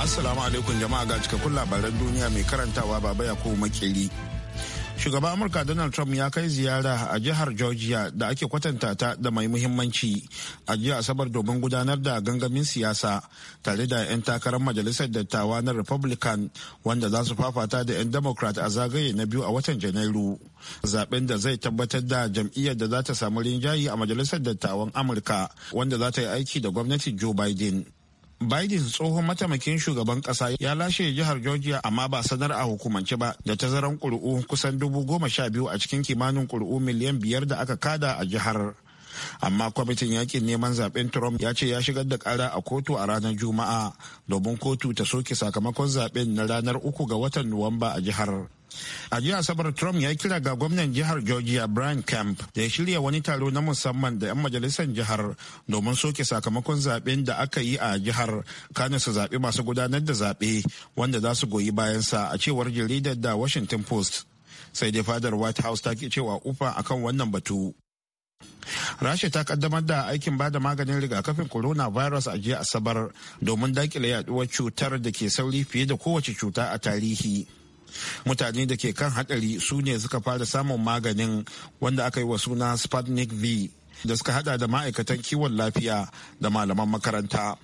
Assalamu alaikum jama'a ga cikakkun labaran duniya mai karantawa baba ya kuma makeri. Shugaban Amurka Donald Trump ya kai ziyara a jihar Georgia da ake kwatanta ta da mai muhimmanci a jiya Asabar domin gudanar da gangamin siyasa tare da 'yan takarar majalisar dattawa na Republican wanda za su fafata da 'yan Democrat a zagaye na biyu a watan Janairu. Zaben da zai tabbatar da jam'iyyar da za ta samu rinjayi a majalisar dattawan Amurka wanda za ta yi aiki da gwamnati Joe Biden. Biden tsohon mataimakin shugaban kasa ya lashe jihar Georgia amma ba sanar a hukumance ba da tazaran ƙuri'u kusan dubu goma sha biyu a cikin kimanin ƙuri'u miliyan biyar da aka kada a jihar. amma kwamitin yakin neman zaben trump ya ce ya shigar da kara a kotu a ranar juma'a domin kotu ta soke sakamakon zaben na ranar uku ga watan nuwamba a jihar a jiya asabar trump ya kira ga gwamnan jihar georgia brian camp da ya shirya wani taro na musamman da 'yan majalisar jihar domin soke sakamakon zaben da aka yi a jihar kane su zaɓi masu gudanar da zaɓe wanda za su goyi bayansa a cewar jaridar da washington post sai dai fadar white house ta ke cewa ufa akan wannan batu rasha ta kaddamar da aikin ba da maganin rigakafin coronavirus a jiya asabar domin dakile yaduwar cutar da ke sauri fiye da kowace cuta a tarihi mutane da ke kan hadari su ne suka fara samun maganin wanda aka yi wa suna sputnik v da suka hada da ma'aikatan kiwon lafiya da malaman makaranta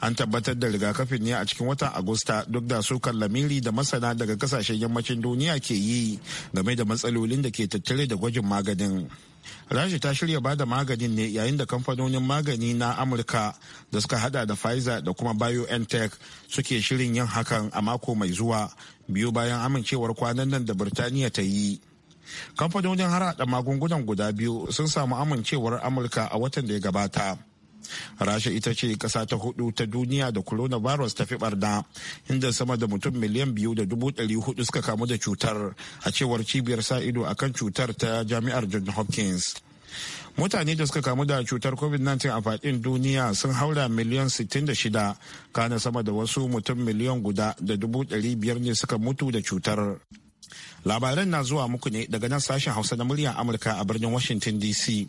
an tabbatar da rigakafin ne a cikin watan agusta duk da sukan lamiri da masana daga kasashen yammacin duniya ke yi game da matsalolin da ke tattare da gwajin maganin rashi ta shirya ba da maganin ne yayin da kamfanonin magani na amurka da suka hada da pfizer da kuma biontech suke shirin yin hakan a mako mai zuwa biyu bayan amincewar kwanan nan da birtaniya ta yi kamfanonin harada magungunan guda biyu sun samu amincewar amurka a watan da ya gabata rasha ita ce kasa ta hudu ta duniya da coronavirus ta fi barna inda sama da mutum miliyan biyu da dubu dari hudu suka kamu da cutar a cewar cibiyar sa ido akan cutar ta jami'ar john hopkins mutane da suka kamu da cutar covid-19 a fadin duniya sun haura miliyan 66 kana sama da wasu mutum miliyan guda da dubu dari biyar ne suka mutu da cutar labaran na zuwa muku ne daga nan sashen hausa na muryar amurka a birnin washington dc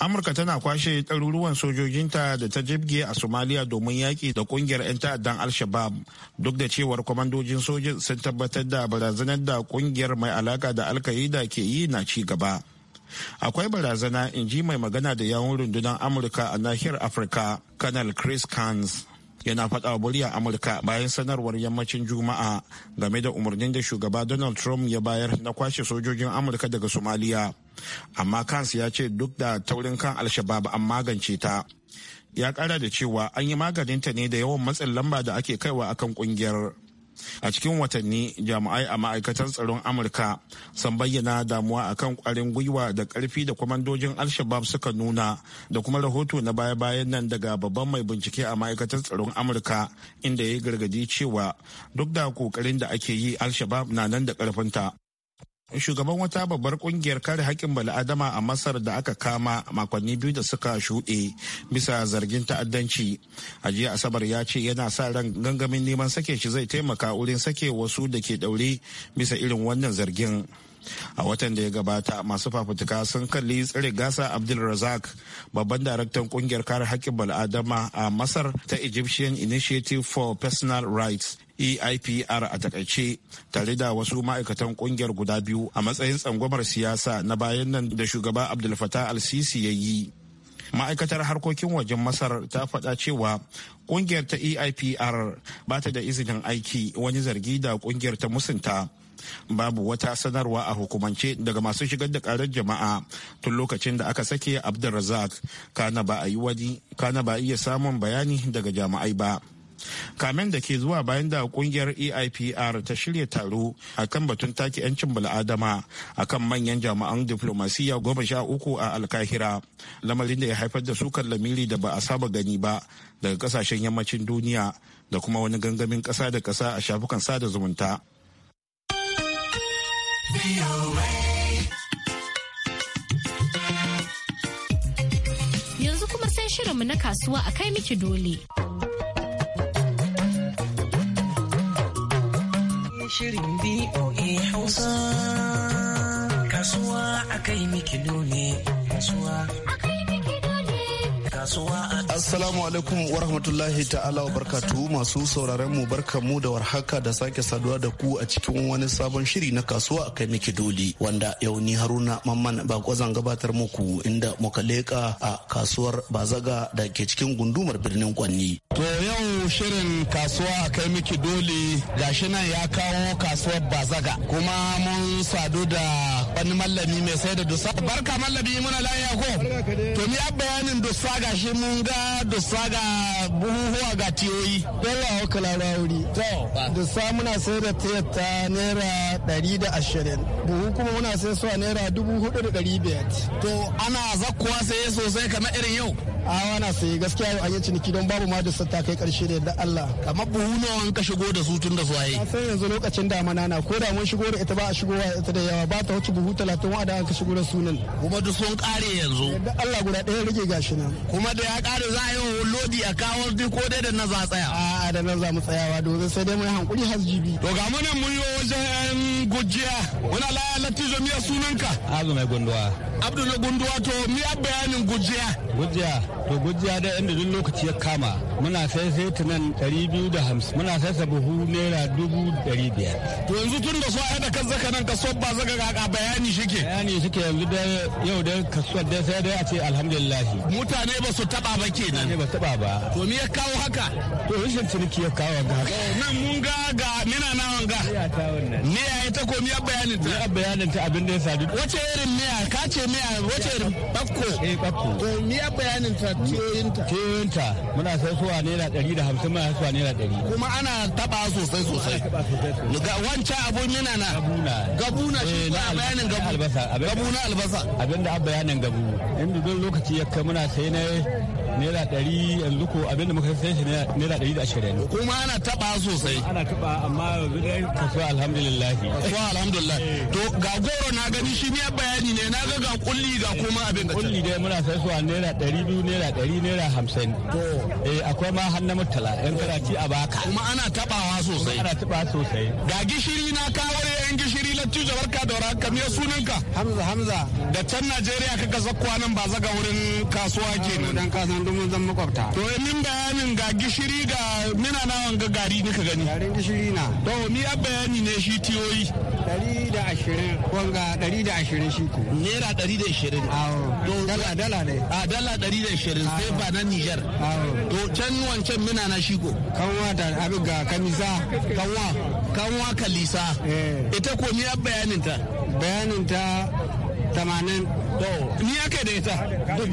amurka tana kwashe ɗaruruwan sojojinta da ta jibge a somalia domin yaƙi da ƙungiyar 'yan ta'addan al-shabab duk da cewar kwamandojin sojin sun tabbatar da barazanar da ƙungiyar mai alaka da alkaida ke yi na ci gaba akwai barazana in ji mai magana da yawun rundunar amurka a nahiyar afirka kanal chris Kans. yana faɗa murya amurka bayan sanarwar yammacin juma'a game da umarnin da shugaba donald trump ya bayar na kwashe sojojin amurka daga somaliya amma kansu ya ce duk da taurin kan alshabab an magance ta ya kara da cewa an yi maganinta ne da yawan matsin lamba da ake kaiwa akan kungiyar a cikin watanni jami'ai a ma'aikatar tsaron amurka sun bayyana damuwa akan kwarin gwiwa da karfi da kwamandojin alshabab suka nuna da kuma rahoto na baya-bayan nan daga babban mai bincike a ma'aikatar tsaron amurka inda ya yi gargadi cewa duk da kokarin da ake yi alshabab na nan da karfinta shugaban wata babbar kungiyar kare haƙƙin bala'adama a masar da aka kama makonni biyu da suka shuɗe bisa zargin ta'addanci a jiya asabar ya ce yana sa ran gangamin neman sake shi zai taimaka wurin sake wasu da ke ɗaure bisa irin wannan zargin a watan da ya gabata masu fafutuka sun kalli tsire gasa abdulrazak babban daraktan kungiyar kare haƙƙin bal'adama a masar ta egyptian initiative for personal rights eipr a takaice tare da wasu ma'aikatan kungiyar guda biyu a matsayin tsangwamar siyasa na bayan nan da shugaba abdul fattah al-sisi ya yi ma'aikatar harkokin wajen masar ta faɗa cewa kungiyar ta eipr ba ta da izinin aiki wani zargi da kungiyar ta musunta babu wata sanarwa a hukumance daga masu shigar da karar jama'a tun lokacin da aka sake abdulrazak kana ba a yi wani kana ba iya samun bayani daga jami'ai ba kamen da ke zuwa bayan da kungiyar eipr ta shirya taro a kan batun take 'yancin bala'adama a kan manyan jami'an diflomasiyya goma sha uku a alkahira lamarin da ya haifar da sukar lamiri da ba a saba gani ba daga kasashen yammacin duniya da kuma wani gangamin kasa da kasa a shafukan sada zumunta. Yanzu kuma sai shirinmu na kasuwa a kai miki dole. shirin VOA Hausa. Kasuwa a kai miki ne, kasuwa kasuwa Assalamu alaikum wa rahmatullahi ta'ala wa barkatu masu sauraren mu barkamu da warhaka da sake saduwa da ku a cikin wani sabon shiri na kasuwa kai miki doli wanda yau ni Haruna Mamman bako zan gabatar muku inda muka leka a kasuwar Bazaga da ke cikin gundumar birnin Kwanni. To yau shirin kasuwa a kai miki doli gashi nan ya kawo kasuwar Bazaga kuma mun sadu da wani mallami mai sai da dusa barka mallami muna layi ko to ni bayanin dusa ga shi mun ga dusa ga buhuhuwa ga tiyoyi dole a wakala wuri to dusa muna sai da tiyar ta naira ɗari da ashirin buhu kuma muna sai su a naira dubu hudu da ɗari biyar to ana zakkuwa sai sosai kamar irin yau a wana sai gaskiya yau an yi ciniki don babu ma dusa ta kai karshe da yadda Allah kamar buhu ne an ka shigo da su tun da su waye sai yanzu lokacin damana na ko da mun shigo da ita ba a shigowa ita da yawa ba ta wuce buhu talatin wa'ada aka shigo da sunan kuma duk sun kare yanzu da Allah guda ɗaya rage gashi nan kuma da ya kare za a yi wa lodi a kawo duk ko dai da na za tsaya A'a da nan za mu tsayawa domin sai dai mai hankuri has jibi to ga munan mun yi wajen gujiya Muna laya latizo miya sunanka azumai gondowa gunduwa abdul gunduwa to mi a bayanin gujiya gujiya to gujiya da inda duk lokaci ya kama muna sai sai tunan 250 muna sai sa buhu naira 500 to yanzu tun da so a da kan zaka nan kaso ba zaka ga bayani shike bayani shike yanzu da yau da kaso da sai dai a ce alhamdulillah mutane ba su taba ba kenan ne ba taba ba to me ya kawo haka to rashin ciniki ya kawo ga nan mun ga ga nina na wanga ne ya ta ko mi ya bayanin ta bayanin ta abin da ya sadu wace irin ne ka ce miya wace bakko eh bakko to a bayanin ta tiyoyinta tiyoyinta muna sai suwa 150 muna suwa 100 kuma ana taba sosai sosai ga wancan abun yana na gabuna gabuna shi eh, ba bayanin gabu gabuna albasa abinda a bayanin gabu inda duk lokaci ya kai muna sai na naira ɗari yanzu ko abinda muka sai shi naira ɗari da ashirin. kuma ana taɓa sosai. ana taɓa amma yanzu dai kasuwa alhamdulillah. kasuwa alhamdulillah eh. to ga goro na gani shi ne bayani ne na ga ga kulli ga kuma abin da. kulli dai muna sai suwa naira ɗari biyu naira ɗari naira hamsin. to eh akwai ma har na mutala yan karaci a baka. kuma ana taɓawa sosai. ana taɓa sosai. ga gishiri na kawo yan gishiri. lattijo barka da warhaka me ka? hamza hamza da can najeriya kaka zakkuwa nan ba zaga wurin kasuwa ke kenan dan kasan dumin zan makwabta to min bayanin ga gishiri ga mina nawan ga gari nika gani garin gishiri na to ni a bayani ne shi tiyoyi dari da ashirin wanga dari da ashirin shi ko naira dari da ashirin Awo. dala dala ne a dala dari da ashirin sai ba na nijar to can wancan mina na shi ko kanwa da abin ga kamisa kanwa kanwa kalisa eh. ita ko ni bayaninta? Bayaninta tamanin to ni aka da ita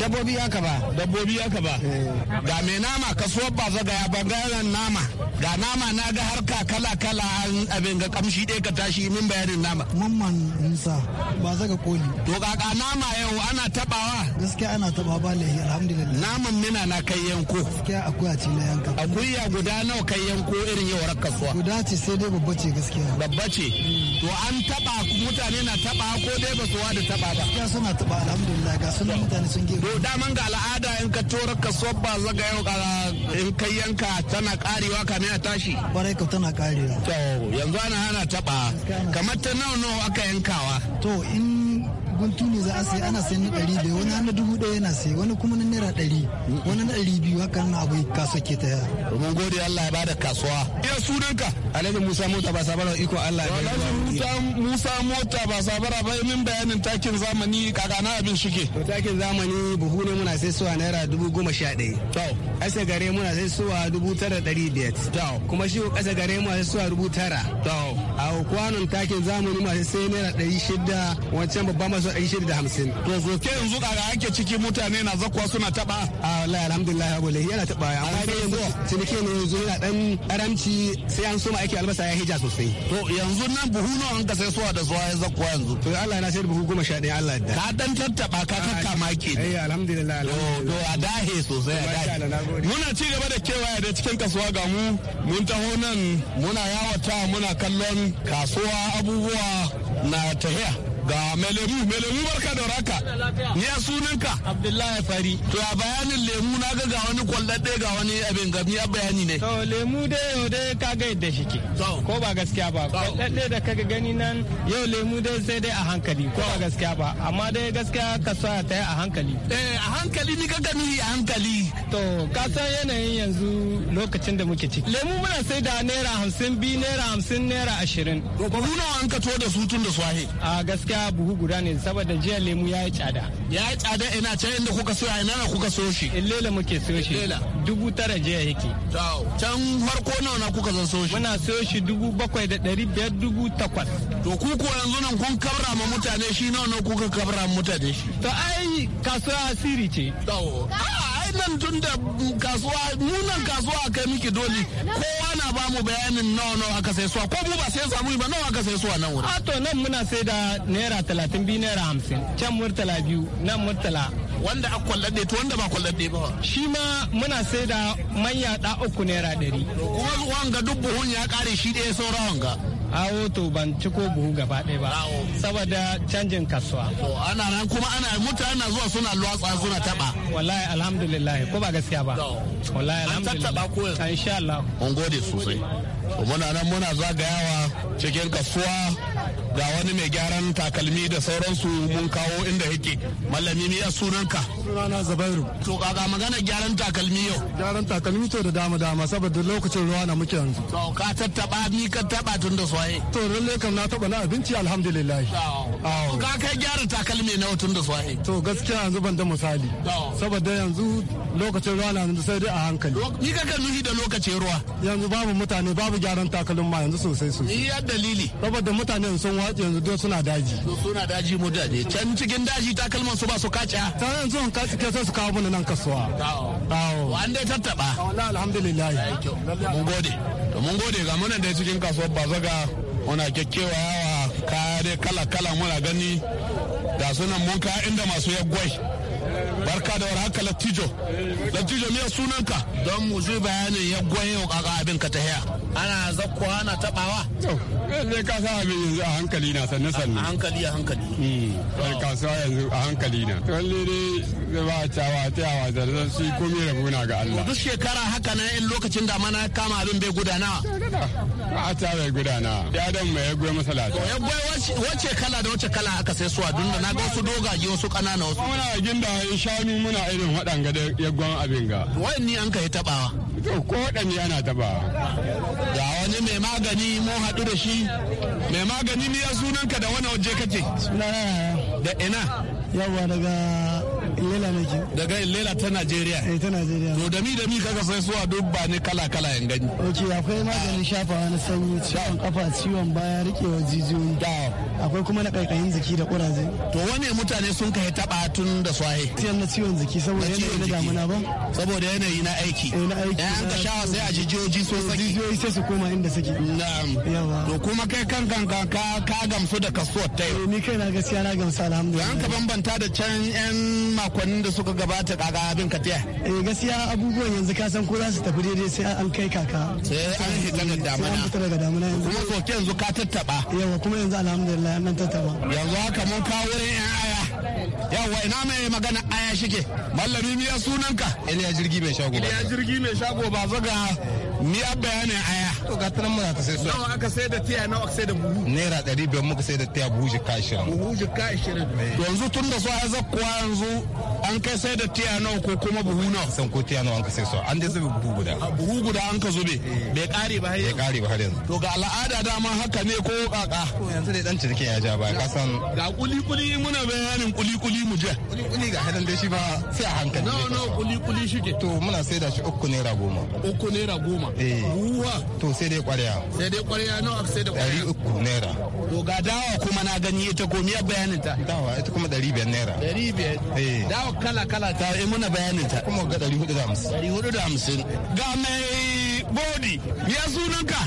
dabbobi aka ba dabbobi aka ba eh. ga mai nama kasuwar ba zaga ya bangaren nama ga nama na ga harka kala kala an abin ga kamshi ɗaya ka tashi min bayanin nama mamman musa ba zaga koli to ga ga nama yau ana tabawa gaskiya ana tabawa ba lahi alhamdulillah naman mina na kai yanko gaskiya akuya ce na yanka akuya guda nawa kai yanko irin yau kasuwa guda ce sai dai babba ce gaskiya babba ce hmm. to an taba mutane na taba ko dai ba su wa da taba ba gaskiya suna taba alhamdulillah ga sunan mutane sun gero daman ga al'ada in ka tora ka sobba zaga yau in kai yanka tana karewa kamin a tashi kwarai ka tana karewa to yanzu ana hana taba kamar ta nawa nawa aka yankawa to in guntu ne za a sai ana sayan na ɗari bai wani na dubu ɗaya yana sai wani kuma na naira ɗari wani na ɗari biyu haka na abu kasuwa ke ta yara. mun gode Allah ya bada kasuwa. iya sunanka. alhaji musa mota ba sabara iko Allah ya bada. alhaji musa mota ba sabara ba min bayanin takin zamani na abin shike. to takin zamani buhu ne muna sai suwa naira dubu goma sha ɗaya. to. asa gare muna sai suwa dubu tara ɗari biyar. to. kuma shi ko ƙasa gare muna sai suwa dubu tara. to. a kwanon takin zamani muna sai naira ɗari shida wancan babban masu su ɗari shida da hamsin. To so ke yanzu kaga ake ciki mutane na zakuwa suna taɓa. Allah alhamdulillah ya bole yana taɓa ya. Amma dai yanzu ciniki ne yanzu yana ɗan karamci sai an soma aiki albasa ya hija sosai. To yanzu nan buhu nawa an ka sai suwa da zuwa ya zakuwa yanzu. To Allah na sai buhu goma sha ɗaya Allah da. Ka ɗan tattaɓa ka kakkama ke. Eh alhamdulillah. To a dahe sosai a dahe. Muna ci gaba da kewaya da cikin kasuwa ga mu mun taho nan muna yawata muna kallon kasuwa abubuwa na tahiya. ga melemu lemu lemu barka da raka ni a sunanka abdullahi fari to a bayanin lemu na ga ga wani kwallaɗe ga wani abin ga a bayani ne to lemu da yau da ka ga yadda shi ke ko ba gaskiya ba kwallaɗe da kaga gani nan yau lemu da sai dai a hankali ko ba gaskiya ba amma dai gaskiya ka so ta a hankali eh a hankali ni ka gani a hankali to ka san yanayin yanzu lokacin da muke ciki lemu muna sai da naira hamsin biyu naira hamsin naira ashirin to ba nawa an ka to da su tun da swahe a gaskiya jiya buhu guda ne saboda jiya lemu ya yi tsada ya yi tsada ina can inda kuka soya ina na kuka so shi lela muke so shi dubu tara jiya yake can farko nawa na kuka zan so shi muna so shi dubu bakwai da dari biyar dubu takwas to ku ko yanzu nan kun kabra ma mutane shi nawa na kuka kabra mutane shi to ai kasuwa asiri ce wannan tun da kasuwa munan kasuwa a kai miki doli kowa na ba mu bayanin nawa nawa aka sai suwa ko mu ba sai samu ba nawa aka sai suwa nan wuri. to nan muna sai da naira talatin biyu naira hamsin can murtala biyu nan murtala. wanda a kwallaɗe to wanda ba kwallaɗe ba. shi ma muna sai da manya da uku naira ɗari. kuma wanga duk buhun ya kare shi ɗaya saura wanga. awo to ban ci ko buhu gaba ɗaya ba saboda canjin kasuwa to ana nan kuma ana mutane na zuwa suna luwatsa suna taba wallahi alhamdulillah ko ba gaskiya ba wallahi alhamdulillah an ko ah, insha Allah mun gode sosai muna nan muna zagayawa cikin kasuwa ga wani mai gyaran takalmi da sauransu mun kawo inda yake mallami ne ya sunanka sunana zabairu to kaga magana gyaran takalmi yau gyaran takalmi to da dama dama saboda lokacin ruwa na muke yanzu to ka tattaba ni ka taba tun da soye to lalle kam na taba na abinci alhamdulillah ka kai gyara takalmi na tun da soye to gaskiya yanzu ban da misali saboda yanzu lokacin ruwa na yanzu sai dai a hankali ni ka kan nuhi da lokacin ruwa yanzu babu mutane babu gyaran takalmin ma yanzu sosai sosai ni ya dalili saboda mutane sun yanzu don suna daji suna daji mu daji can cikin daji takalman su ba su kaca ta yanzu an kaci ke su kawo mana nan kasuwa tawo an dai tattaba wallahi alhamdulillah mun gode to mun gode ga munan dai cikin kasuwar zaga muna kyakkyawa yawa kaya dai kala kala muna gani da sunan mun kaya inda masu yaggwai barka da war haka lattijo lattijo me sunanka don mu ji bayanin ya yau kaka abin ka ta haya ana zakkuwa ana tabawa to ne eh, ka sa abin yanzu a hankali na sanne sanne a hankali a hankali eh hmm, kasuwa yanzu a hankali na to lalle zai ba a cawa tayawa da zan shi komai muna ga Allah duk shekara haka na yin lokacin da mana kama abin bai gudana a ta bai gudana ya dan mai yagwe masalata Yagwai wace kala da wace kala aka sai suwa dun da na ga wasu dogaye wasu kanana wasu muna ginda shanu muna irin waɗanga da yagwan abin ga ni an kai tabawa to ko waɗanne ana tabawa ga wani mai magani mun haɗu da shi mai magani ni ya sunanka da wani waje kake sunana da ina yawa daga Ilela nake. Daga Ilela ta Najeriya. Eh ta Najeriya. To da mi da mi kaga sai suwa duk ba kala kala yan gani. Ok akwai maganin shafawa na sanyi ciwon kafa ciwon baya rikewa jijiyoyi. Da akwai kuma na kaikayin jiki da kuraje to wani mutane sun kai taba tun da swahe tiyan na ciwon jiki saboda yanayi na damuna ba saboda yanayi na aiki eh, na aiki eh, an ka shawa sai a jijiyoyi so saki jijiyoyi sai su koma inda suke na'am yawa to kuma kai kan kan ka ka gamsu da kasuwar ta yau eh, ni kai na gaskiya na gamsu alhamdulillah an ka bambanta da can yan makonnin da suka gabata kaga abin ka tiya eh gaskiya abubuwan yanzu ka san ko za su tafi daidai sai an kai kaka sai an hita da damuna sai an fita daga damuna yanzu kuma ko yanzu ka tattaba yawa kuma yanzu alhamdulillah Allah ya ta ba. Yanzu haka mun kawo wurin 'yan aya. Yawwa ina mai magana aya shike. Mallami miya sunanka. Iliya jirgi mai shago. Iliya jirgi mai shago ba zaga ni a bayanin aya to ga tanan muna ta sai so nawa aka sai da tiya nawa aka sai da buhu naira ɗari biyar muka sai da tiya buhu jika ashirin buhu jika ashirin eh. yanzu tun da so a zakkuwa yanzu an kai sai da tiya nawa ko kuma buhu nawa san ko tiya nawa an ka sai so an dai zube buhu guda buhu guda an ka zube eh. bai kare ba har yanzu bai kare ba har yanzu to ga al'ada dama haka ne ko kaka to yanzu dai dan cirkin ya ja ba ka san ga kuli kuli muna bayanin kuli kuli mu je kuli kuli ga hadan dai shi ba sai a hankali no no kuli kuli shi ke to muna sai da shi uku naira goma uku naira goma goma eh. uwa to sai dai kwarya sai dai kwarya nawa aka sai da kwarya dari uku naira to ga dawa kuma na gani ita ko miya bayanin ta dawa ita kuma dari biyar naira dari biyar eh. dawa kala kala ta yi muna bayanin ta kuma ga dari hudu da hamsin dari hudu da hamsin ga mai Bodi, ya sunanka?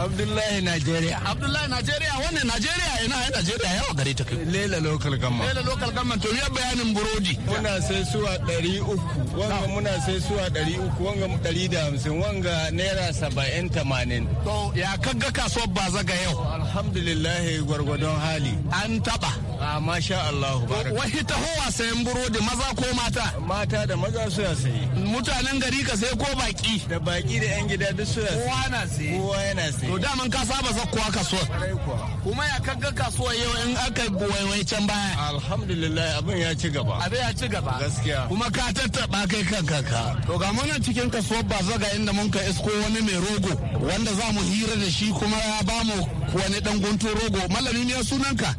Abdullahi Najeriya. Abdullahi Najeriya wannan Najeriya ina ya nigeria yawa gare ta kai. Lela local gamma. Lela local gamma to ya bayanin burodi. Muna sai suwa ɗari uku, wanga muna sai suwa ɗari uku, wanga ɗari da hamsin, wanga naira saba'in tamanin. To ya kaga kasuwar baza ga yau? Alhamdulillah gwargwadon hali. An taɓa. A masha Allah. Wahi tahowa sayan burodi maza ko mata? Mata da maza su ya sayi. Mutanen gari ka sai ko baki? Da baki da 'yan gida eh duk kowa na siye kowa yana siye to da daman ka saba zakkuwa kasuwar. kuma ya kaga kasuwar yau in aka waiwai can baya alhamdulillah abin ya ci gaba abin ya ci gaba gaskiya kuma ka tattaba kai kanka to ga muna cikin kasuwar bazaga inda mun ka isko wani mai rogo wanda za mu hira da shi kuma ya ba mu wani dan guntun rogo malami ne sunanka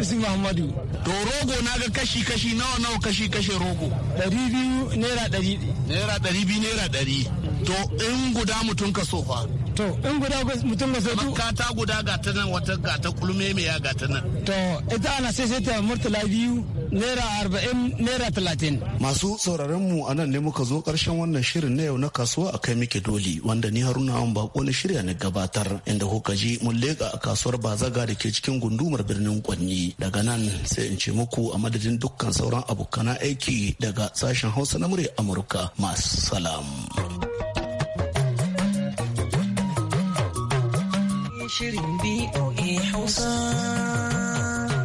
Isi Muhammadu. To rogo na ga kashi-kashi nawa nawa kashi-kashi rogo. Ɗari biyu naira ɗari. Naira ɗari biyu naira ɗari. To in guda mutum ka sofa To in guda mutum ka sofa ta guda ga ta nan wata ga ta kulme mai ya ga ta nan. To ita ana sai sai ta murtala biyu naira arba'in naira talatin. Masu sauraron mu a nan ne muka zo karshen wannan shirin na yau na kasuwa a kai muke doli wanda ni Haruna ba Bako na shirya na gabatar inda kuka ji mun leƙa a kasuwar Bazaga da ke cikin gundumar birnin Kwanni daga nan sai in ce muku a madadin dukkan sauran abokan aiki daga sashen Hausa na murya Amurka masu salam. shirin BOA Hausa.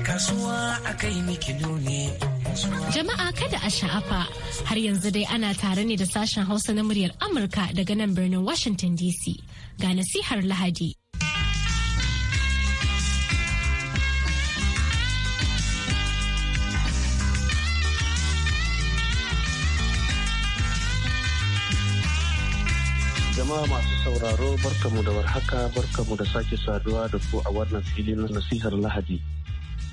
Kasuwa a kai Jama'a kada a sha'afa har yanzu dai ana tare ne da sashen Hausa na muryar Amurka daga nan birnin Washington DC ga nasihar Lahadi. Jama'a masu sauraro barkamu da warhaka mu da sake saduwa da ku a wannan fili na nasihar Lahadi.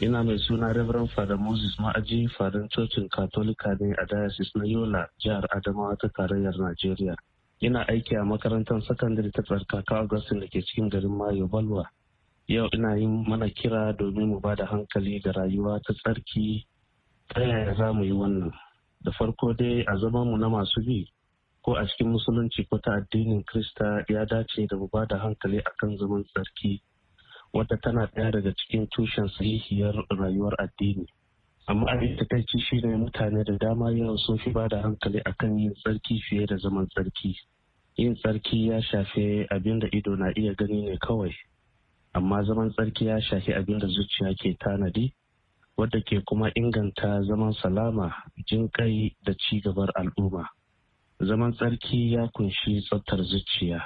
Ina mai suna Reverend Father Moses Ma'aji Fadan Cocin Katolika ne a Diocese na Yola, Jihar Adamawa ta Tarayyar Najeriya. Ina aiki a makarantar sakandare ta tsarkaka Augustin da ke cikin garin Mayo Balwa. Yau ina yi mana kira domin mu bada hankali ga rayuwa ta tsarki ta yaya za mu yi wannan. Da farko dai a zama mu na masu bi ko a cikin musulunci ko ta addinin krista ya dace da mu da hankali akan zaman tsarki wadda tana ɗaya daga cikin tushen sahihiyar rayuwar addini amma abin takaici shi ne mutane da dama yau sun fi ba da hankali akan yin tsarki fiye da zaman tsarki yin tsarki ya shafe abin da ido na iya gani ne kawai amma zaman tsarki ya shafi abin da zuciya ke tanadi wadda ke kuma inganta zaman salama jin kai da ci gabar al'umma zaman tsarki ya kunshi tsaftar zuciya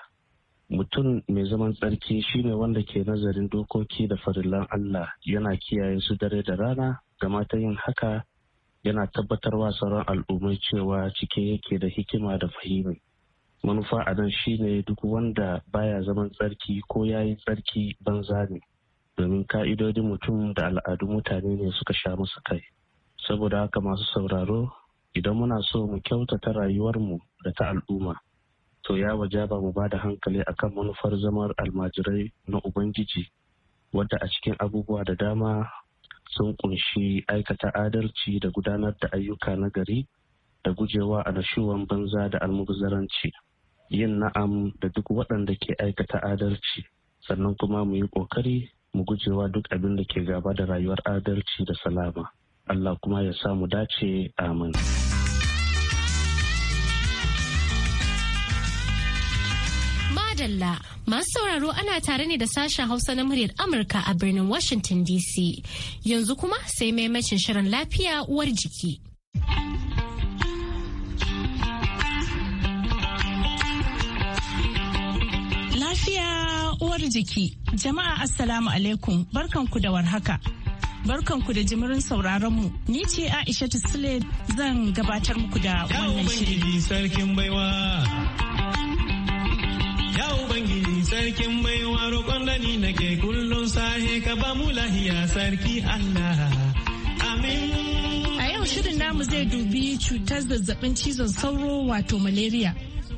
mutum mai zaman tsarki shine wanda ke nazarin dokoki da farillan Allah yana kiyaye su dare da rana gama ta yin haka yana tabbatar tabbatarwa sauran al'ummai cewa cike yake da hikima da fahimi manufa a nan shine duk wanda baya zaman tsarki ko ya yi tsarki banza ne domin ka'idodin mutum da al'adun mutane ne suka sha musu kai saboda haka masu sauraro idan muna so mu kyautata rayuwarmu da ta al'umma to ya ba mu bada da hankali akan manufar zamar almajirai na ubangiji wadda a cikin abubuwa da dama sun kunshi aikata adalci da gudanar da ayyuka na gari da gujewa a nashuwan banza da almubazaranci yin na'am da duk waɗanda ke aikata adalci sannan kuma mu yi ƙoƙari mu gujewa duk abin da ke gaba da rayuwar adalci da salama Allah kuma ya samu dace amin. madalla masu sauraro ana tare ne da sashen hausa na muryar amurka a birnin washington dc yanzu kuma sai maimacin shirin lafiya uwar jiki lafiya uwar jiki jama'a assalamu alaikum barkanku da warhaka barkanku da jimirin sauraronmu ni ce aisha sule zan gabatar muku da wannan shirin Ubangiji sarkin baiwa roƙon da nake kullum sahe ka ba mu lahiya sarki Allah. Amin. A yau shirin namu zai dubi cutar zazzabin cizon sauro wato malaria.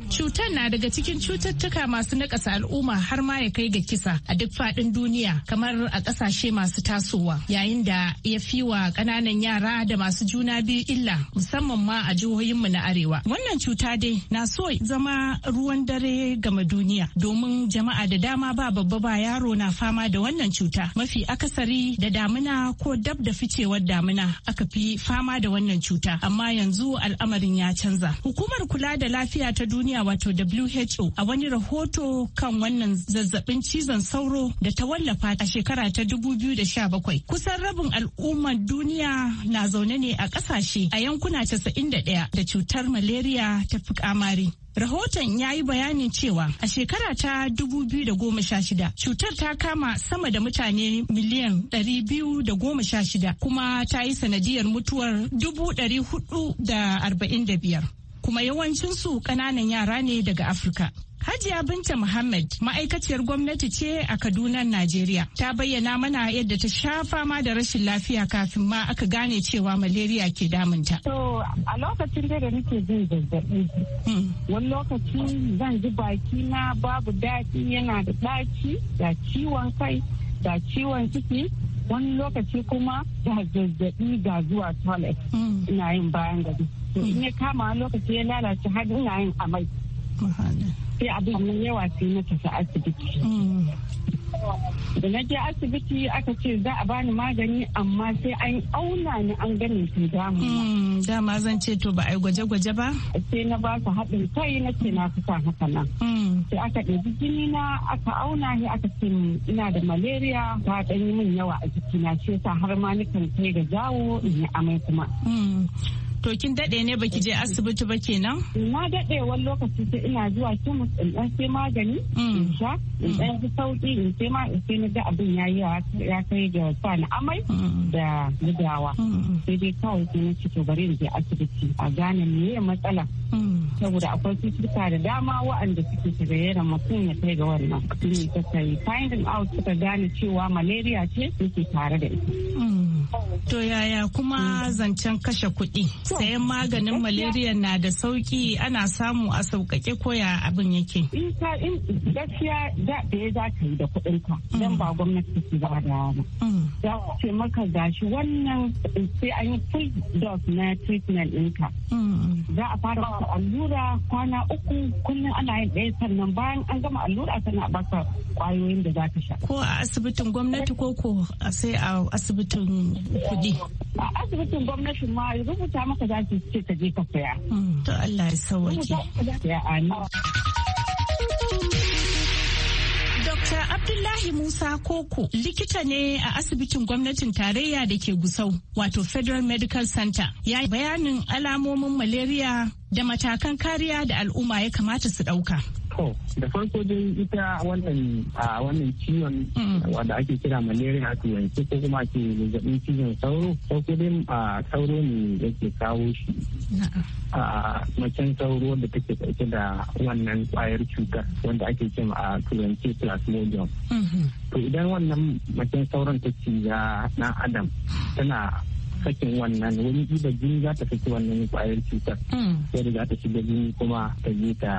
Cutar na daga cikin cututtuka masu nakasa al'umma har ma ya kai ga kisa a duk fadin duniya kamar a kasashe masu tasowa yayin da ya fi wa kananan yara da masu juna biyu illa musamman ma a jihohin mu na arewa. Wannan cuta dai na so zama ruwan dare gama duniya domin jama'a da dama ba babba ba yaro na fama da wannan cuta mafi akasari da damina ko dab da ficewar damina aka fi fama da wannan cuta amma yanzu al'amarin ya canza. Hukumar kula da lafiya ta duniya duniya wato WHO a wani rahoto kan wannan zazzabin cizon sauro da ta wallafa a shekara ta 2017. Kusan rabin al'ummar duniya na zaune ne a ƙasashe a yankuna 91 da cutar malaria ta fi kamari. Rahoton ya yi bayanin cewa a shekara ta 2016 cutar ta kama sama da mutane miliyan 216 kuma ta yi sanadiyar mutuwar 445. kuma yawancin su kananan yara ne daga Afirka. Hajiya Binta Muhammad ma'aikaciyar gwamnati ce a Kaduna, Najeriya. Ta bayyana mana yadda ta sha fama da rashin lafiya kafin ma aka gane cewa malaria ke damunta. To a lokacin da da nake jin zazzabi hmm. Wani lokaci zan ji baki na babu daɗi yana da ɗaci da ciwon kai da ciwon ciki wani lokaci kuma da zazzabi ga zuwa toilet mm. ina yin bayan gari in ya kama wani lokaci ya lalace har ina yin amai sai abin yawa sai na tafi asibiti mm. da na je asibiti aka ce za a bani magani amma sai an auna ni an ganin su dama hmm, dama zan ce to ba a yi gwaje-gwaje ba sai na ba su haɗin kai na ce na fi sa haka nan hmm. sai aka ɗauki jini na aka auna ni aka ce ina da malaria ta ɗan yi min yawa a jikina shi yasa har ma nikan kai ga jawo in yi amai kuma hmm. To kin daɗe ne baki je asibiti ba kenan? Na daɗe wani lokaci sai ina zuwa kemis in ɗan sai magani mm. in sha in ɗan fi sauƙi in sai ma in sai na ga abin ya yi ya kai ga sa na amai mm. da gudawa. Mm. Sai dai kawai sai na ci to bari in je asibiti a gane me ya matsala. Saboda akwai cututtuka da dama waɗanda suke tagayyara mutum ya kai ga wannan. Ni ta yi finding out suka gane cewa malaria ce suke tare da ita. To yaya kuma zancen kashe kuɗi? Sayan maganin malaria na da sauƙi ana samu a sauƙaƙe koya abin yake. In ka in gaskiya da ɗaya za ka yi da kuɗinka don ba gwamnati su ba da ba. Ya ce maka gashi wannan sai an yi full dose na treatment ɗinka. Mm. Za a fara ba allura kwana uku kullum ana yin ɗaya sannan bayan an gama allura sannan a baka kwayoyin da za ka sha. Ko a asibitin gwamnati ko ko sai a asibitin kuɗi. A asibitin gwamnatin ma rubuta maka za ki ce ta je ka saya. Hmm, to Allah ya sauwaje. Dr. Abdullahi Musa Koko likita ne a asibitin gwamnatin tarayya da ke Gusau wato Federal Medical Center ya bayanin alamomin malaria da matakan kariya da al'umma ya kamata su ɗauka. To, da farko dai ita wannan a wannan ciwon mm. wanda ake kira malaria a turanci ko kuma ke zazzabin cizon sauro, farko dai a sauro ne yake kawo shi. A macen sauro da take ɗauke da wannan kwayar cutar wanda ake cin a turanci plasmodium. Mm-hmm. To idan wannan macen sauron ta ciza na adam tana sakin wannan wani ibajin jini za ta saki wannan kwayar cutar. Mm. Sai da za ta shiga jini kuma ta je ta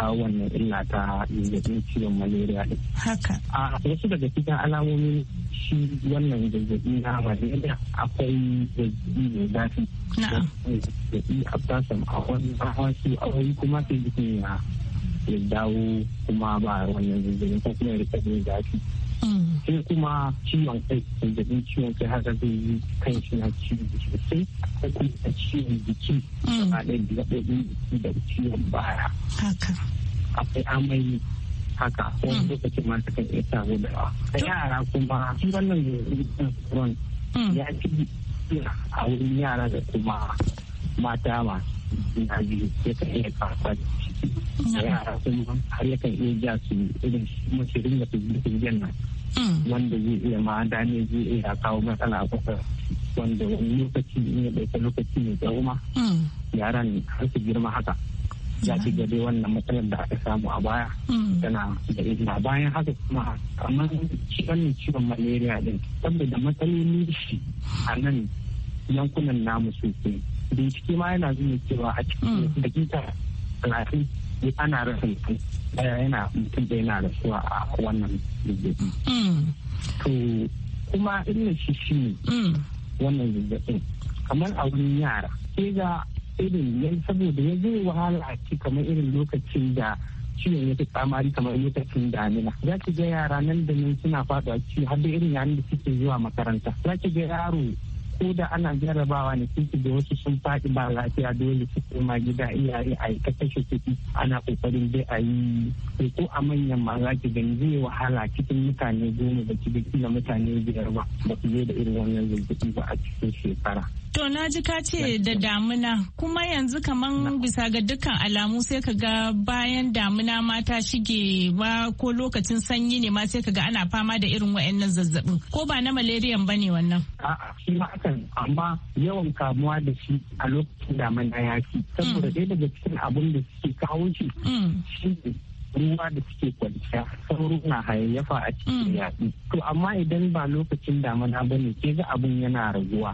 kawo wannan illa ta zazzabin ciwon malaria din. Haka. A wasu daga cikin alamomin shi wannan zazzabi na malaria akwai zazzabi mai zafi. Zazzabi a abdasan a wani wasu awoyi kuma sai jikin ya dawo kuma ba wannan zazzabin ko kuma ya rika zafi. sai kuma ciwon kai zazzabin ciwon kai haka zai yi kan shi na ciwon jiki sosai ko kuma a ciwon jiki gaba ɗaya zazzabin jiki da ciwon baya akwai amai haka wani mm. lokacin ma kan iya samu da yara kuma shi wannan zazzabin mm. ya fi a wurin yara da kuma mata masu jina biyu ya kan iya kasuwa da shi yara sun har yakan iya ja su irin mace ringa fizgen nan mm. wanda zai iya ma dane zai iya kawo matsala a kusa wanda wani lokaci ya ɗauka lokaci mai tsawo ma mm. yaran har su girma haka ya ci gabe wannan matsalar da aka samu a baya mm. tana da illa bayan haka kuma kamar shi ciwon malaria din saboda matsaloli shi a nan yankunan namu sosai bincike ma yana zuwa cewa a cikin dakika talatin ana rasa mutum daya yana mutum da yana rasuwa a wannan zazzabi. Mm. To kuma illa shi shi ne mm. wannan zazzabin kamar a wani yara. Ke ga irin yan saboda ya zai wahala a ci kamar irin lokacin da ciwon ya fi tsamari kamar lokacin damina. Za ki ga yara nan da nan suna a ci har da irin yaran da suke zuwa makaranta. Za ki ga yaro ko da ana jarabawa ne sun da wasu sun faɗi ba lafiya dole su koma gida iyaye a ta kashe kuɗi ana ƙoƙarin bai a yi ko a manyan ma za ki gani zai wahala cikin mutane goma ba cikin kila mutane biyar ba ba su je da irin wannan zazzabi ba a cikin shekara. To na ji ka ce da damuna kuma yanzu kaman bisa ga dukkan alamu sai ka ga bayan damuna ma ta shige ba ko lokacin sanyi ne ma sai ka ga ana fama da irin wa'annan zazzabin ko ba na malariyan ba ne wannan. A'a shi ma hakan amma yawan kamuwa da shi a lokacin damuna ya fi mm. saboda dai daga cikin abin da suke kawo shi mm. shi ruwa da suke kwanciya sauro na hayayyafa a cikin mm. yaɗi. To amma idan ba lokacin damuna ba ne ke ga abin yana raguwa.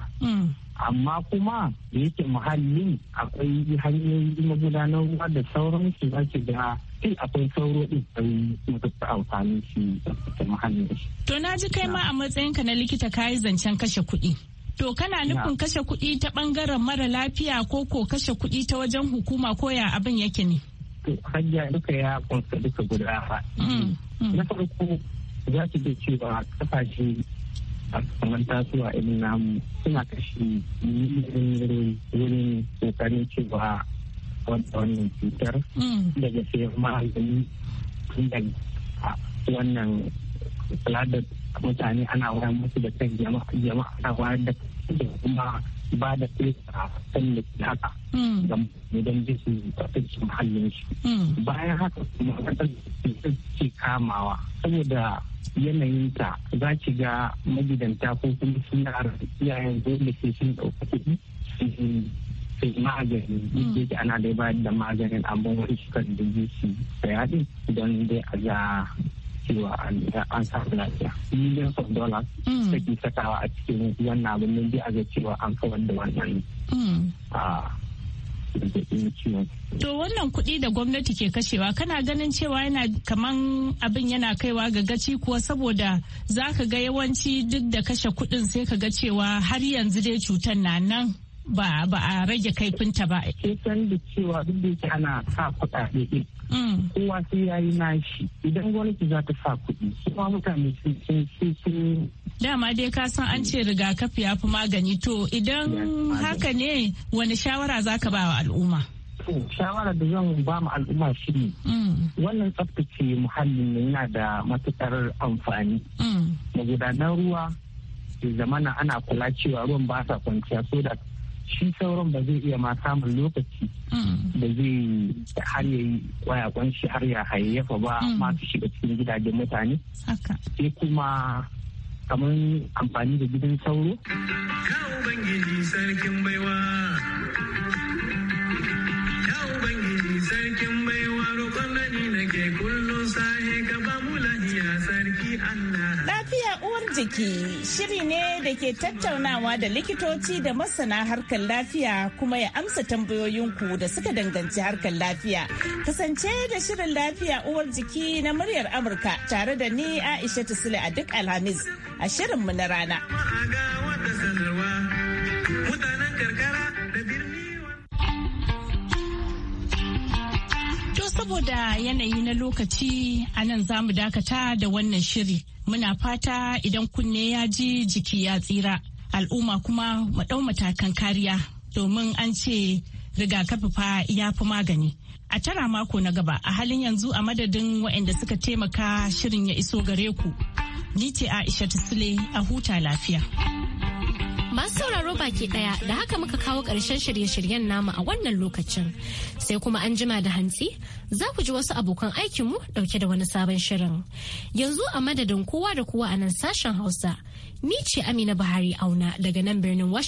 amma kuma da yake muhallin akwai hanyoyi magudanar ruwa da sauransu za ki ga sai eh, akwai sauro din sai ta amfani shi da muhallin To na ji kai ma a matsayinka na likita kayi zancen kashe kuɗi. To kana nufin kashe kuɗi ta bangaren mara lafiya ko ko kashe kuɗi ta wajen hukuma ko ya abin yake ne? Hanya duka ya kunsa duka guda ba. Mm, mm. Na farko za ki ga cewa kasashe kamar tasowa irin namu suna kashe miliyoyin wurin kokarin cewa wannan cutar mm. daga sai magani tun daga wannan kula mutane ana wayar musu da kan jama'a a ana wayar da kuma ba da fesa kan da ke haka ga idan ji su tafi muhallin su hmm. bayan haka kuma kasar ke kamawa saboda yanayinta za ki ga magidanta ko kuma suna iyayen dole ke sun ɗauka kuɗi sai magani duk yake ana dai bayar da maganin amma wani da dubi su da yaɗi don dai a za. cewa an samu lafiya million of dollars mm. ke sakawa a cikin wannan abin nan bi a ga cewa an kawar da wannan mm. To wannan kuɗi da gwamnati ke kashewa kana ganin cewa yana kaman abin yana kaiwa ga gaci kuwa saboda za ka ga yawanci duk da kashe kuɗin sai ka ga cewa har yanzu dai cutar na nan ba ba a rage kaifinta ba. Ke san da cewa duk da yake ana sa kuɗaɗe ɗin. Mm. Kowa sai ya yi nashi idan gwamnati za ta sa kuɗi kuma mutane sun sun Dama dai ka san an ce rigakafi ya fi magani to idan haka ne wani shawara za ka ba wa al'umma? To shawara da zan ba mu al'umma shi ne. Mm. Wannan tsaftace muhallin yana da matukar amfani. Mm. Magudanar ruwa zamana ana kula cewa ruwan ba sa kwanciya so da shi sauran ba zai iya ma samun lokaci mm. da zai har yayi yi kwayakwan shi har ya hayayyafa ba mm. masu shiga cikin gidajen mutane sai kuma kamar amfani da gidan sauro. sarkin baiwa. jiki shiri ne da ke tattaunawa da likitoci da masana harkar lafiya kuma ya amsa tambayoyinku da suka danganci harkar lafiya. Kasance da shirin lafiya uwar jiki na muryar Amurka tare da ni Aisha sule a duk Alhamis a shirinmu na rana. saboda yanayi na lokaci a nan za mu dakata da wannan shiri. Muna fata idan kunne ya ji jiki ya tsira. Al'umma kuma mu ɗau matakan kariya domin an ce rigakafi fa ya fi magani. A tara mako na gaba a halin yanzu a madadin waɗanda suka taimaka shirin ya iso gare ku. Ni ce Aisha ta Sule a huta lafiya. Masu sauraro baki daya da haka muka kawo ƙarshen shirye-shiryen namu a wannan lokacin. Sai kuma an jima da hantsi za ku ji wasu abokan aikinmu ɗauke da wani sabon shirin. Yanzu a madadin kowa da kowa a nan sashen Hausa, ni ce Amina Buhari auna daga nan birnin Washington.